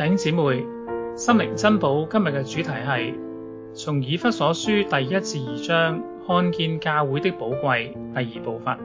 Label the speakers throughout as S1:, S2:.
S1: 弟兄姐妹，心靈珍寶今日嘅主題係從以弗所書第一至二章看見教會的寶貴。第二部分，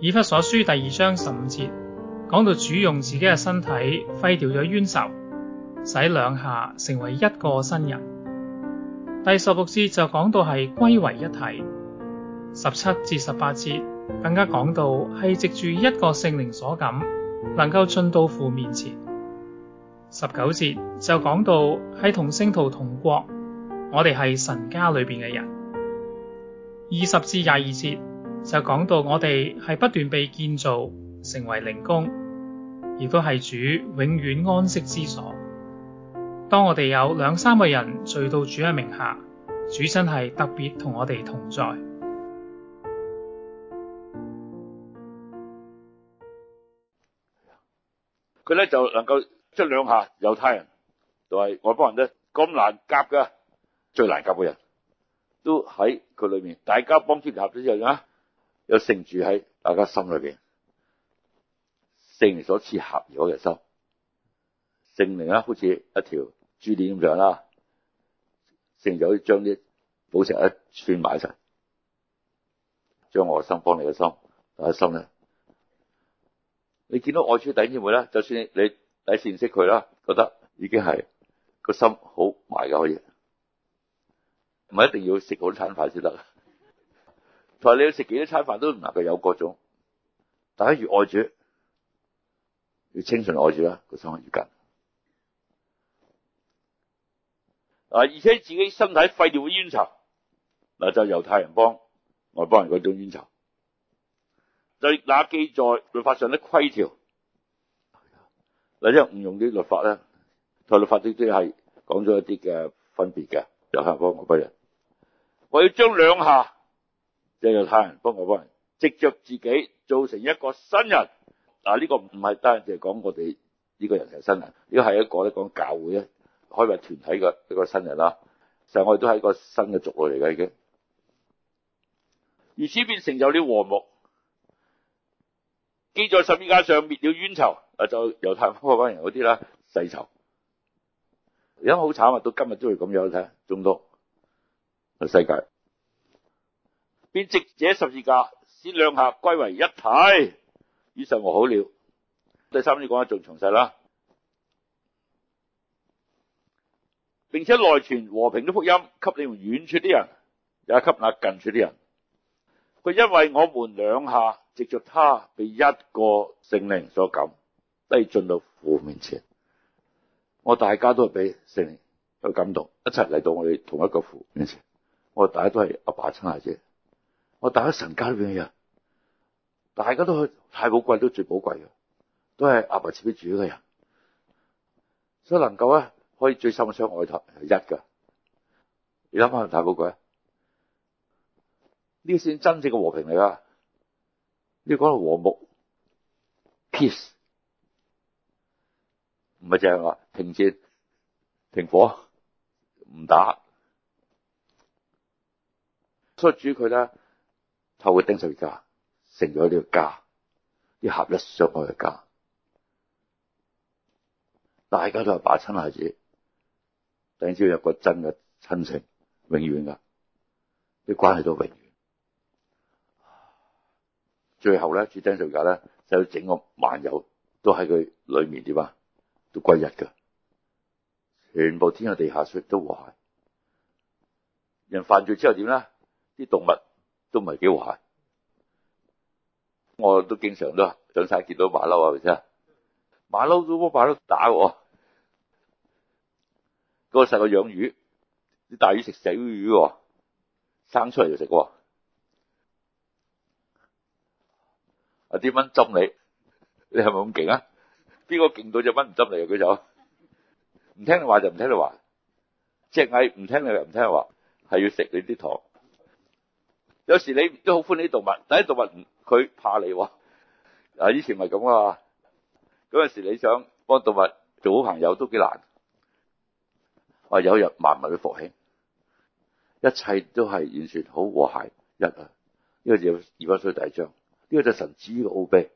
S1: 以弗所書第二章十五節講到主用自己嘅身體廢掉咗冤仇，使兩下成為一個新人。第十六節就講到係歸為一體，十七至十八節更加講到係藉住一個聖靈所感，能夠進到父面前。十九節就講到喺同聖徒同國，我哋係神家裏邊嘅人。二十至廿二節就講到我哋係不斷被建造成為靈宮，亦都係主永遠安息之所。當我哋有兩三個人聚到主嘅名下，主真係特別同我哋同在。佢咧就能夠。出兩下猶太人就係外邦人咧，咁難夾㗎，最難夾嘅人都喺佢裏面。大家幫住合咗之後，咩有聖住喺大家心裏邊，聖靈所賜合咗嘅心，聖靈啊，好似一條珠鏈咁樣啦，聖靈就可以將啲寶石一串埋一齊，將我嘅心幫你嘅心，大家心咧，你見到外孫弟姐妹咧，就算你。第一次識佢啦，覺得已經係個心好埋咗嘅。以，唔一定要食好餐飯先得。佢話你食幾多餐飯都唔能夠有嗰種，但係越愛住越清純越愛住啦，個心越近。啊，而且自己身體廢掉嘅冤仇，就猶太人幫外邦人嗰種冤仇，就那記在律法上啲規條，嗱，因為唔用啲律法咧，睇律法都都係講咗一啲嘅分別嘅，有行幫冇不人幫我幫。我要將兩下，即係有他人幫我幫人，藉着自己造成一個新人。嗱、啊、呢、這個唔係單淨係講我哋呢個人係新人，呢、這個係一個咧，講教會咧，開為團體嘅一個新人啦。實際上我哋都係一個新嘅族類嚟嘅，已經。如此變成有啲和睦，既在十字架上，滅了冤仇。啊！就猶太嗰班人嗰啲啦，世仇，而家好慘啊！到今日都會咁樣睇，中東，世界便藉這十字架，使兩下歸為一體，與神和好了。第三節講得仲詳細啦。並且來傳和平的福音，給你們遠處的人，也給那近處的人。佢因為我們兩下藉着他被一個聖靈所感。低進到父面前，我大家都俾聖靈有感動，一齊嚟到我哋同一個父面前。我大家都係阿爸親阿姐，我大家神家裡邊嘅人，大家都太寶貴，都最寶貴嘅，都係阿爸自己主嘅人。所以能夠咧，可以最深嘅相愛係一嘅。你諗下太寶貴，呢先真正嘅和平嚟噶。你講和睦 peace 咪就係話停戰、停火、唔打。所以主佢呢，透過釘十字架成咗呢個家啲合一相愛嘅家，大家都係把親孩子，等朝有個真嘅親情，永遠㗎。啲關係都永遠。最後呢，主釘十字架呢，就要整個萬有都喺佢裏面點啊？都歸一噶，全部天上地下水都和諧。人犯罪之後點咧？啲動物都唔係幾和諧。我都經常都上山見到馬騮係咪先？馬騮都幫馬騮打喎。嗰、那個細個養魚，啲大魚食死魚喎，生出嚟就食喎。阿點蚊捉你，你係咪咁勁啊？邊個勁到隻蚊唔執嚟啊？佢就唔聽你話就唔聽你話，隻蟻唔聽你又唔聽話，係要食你啲糖。有時你都好歡喜動物，但係動物佢怕你。喎、啊。以前咪咁啊？嗰陣時你想幫動物做好朋友都幾難。話有日萬物都復興，一切都係完全好和諧。啊，呢個就以弗所書第二章，呢、這個就神子個奧秘。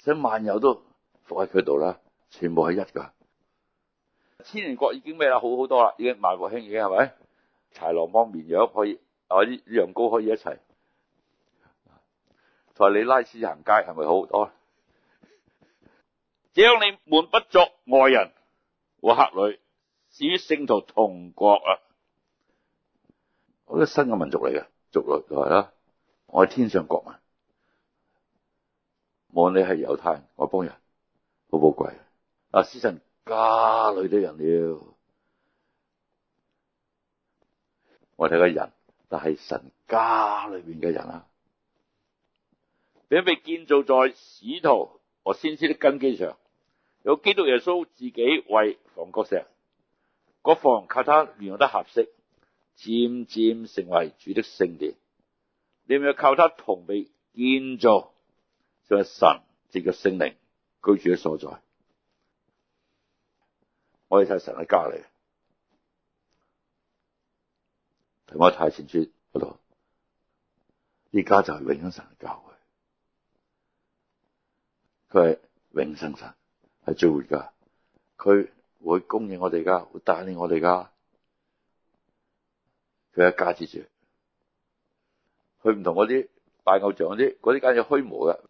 S1: 所以萬有都伏喺佢度啦，全部係一噶。千年國已經咩啦？好好多啦，已經萬國興起，係咪？豺狼幫綿羊可以，啊啲羊羔可以一齊。同你拉屎行街係咪好好多？ 只要你們不作外人，和客旅，是與聖徒同國啊！我係新嘅民族嚟嘅，族類就係啦。我係天上國民。我你係猶太人，我幫人好寶貴啊！是神家裏的人了，我哋個人但係神家裏面嘅人啊，你被建造在使徒和先知的根基上，有基督耶穌自己為房角石，各房靠他聯絡得合式，漸漸成為主的聖殿。你要靠他同被建造。佢係神，即係個聖靈居住嘅所在。我哋就係神嘅家嚟嘅。提摩太前書嗰度，依家就係永生神嘅教會。佢係永生神，係最活噶，佢會供應我哋噶，會帶領我哋噶。佢係一家之主，佢唔同嗰啲拜偶像嗰啲，嗰啲簡直虛無嘅。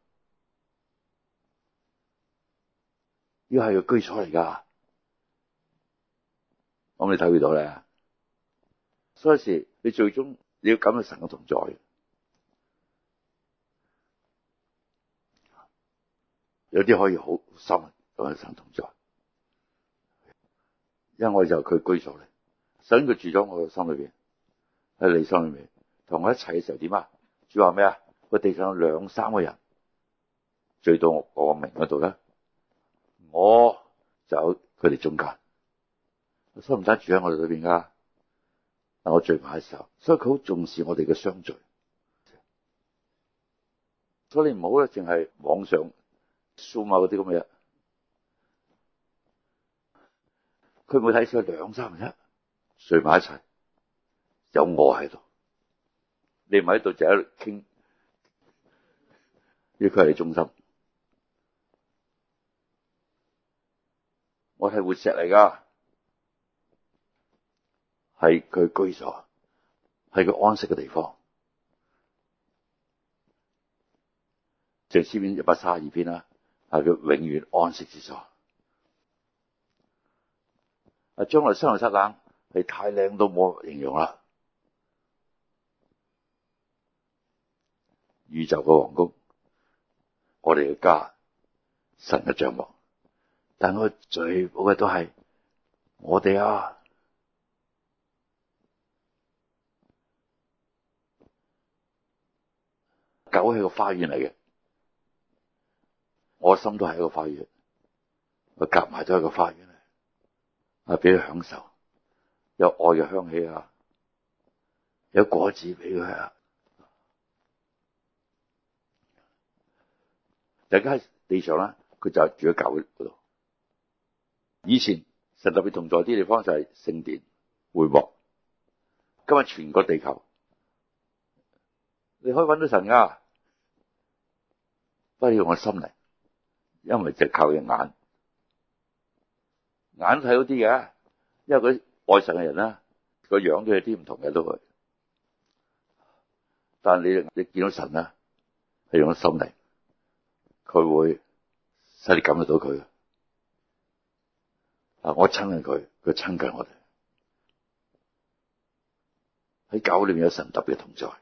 S1: 要個到呢要係個居所嚟噶，咁你睇唔睇到咧？所以有時你最終你要感受神嘅同在，有啲可以好深同神同在，因為我就佢居所嚟，首先佢住咗我嘅心裏邊，喺你心裏面，同我一齊嘅時候點啊？主話咩啊？個地上有兩三個人，最多我明嗰度啦。我就喺佢哋中間，蘇唔使住喺我哋裏邊噶。但我聚埋嘅時候，所以佢好重視我哋嘅相聚。所以你唔好咧，淨係網上、數碼嗰啲咁嘅嘢。佢每睇上兩三人，聚埋一齊，有我喺度。你唔喺度就喺度傾，因為佢係你中心。我係活石嚟噶，係佢居所，係佢安息嘅地方。即係詩篇一百三十二篇啦，係佢永遠安息之所。啊，將來新耶路撒冷係太靚都冇形容啦！宇宙嘅王宮，我哋嘅家，神嘅帳幕。但我最寶貴都係我哋啊！狗係個花園嚟嘅，我心都係一個花園，我夾埋咗係個花園啊！俾佢享受，有愛嘅香氣啊，有果子俾佢啊，大家喺地上啦，佢就住喺狗嗰度。以前神特別同在啲地方就係聖殿會幕，今日全個地球，你可以搵到神噶、啊，不用個心靈，因為直靠嘅眼，眼睇到啲嘅，因為佢愛愛神嘅人啦，個樣都有啲唔同嘅都佢，但係你你見到神啦、啊，係用個心靈，佢會使你感覺到佢。啊！我親近佢，佢親近我哋。喺教會裡面有神特別同在。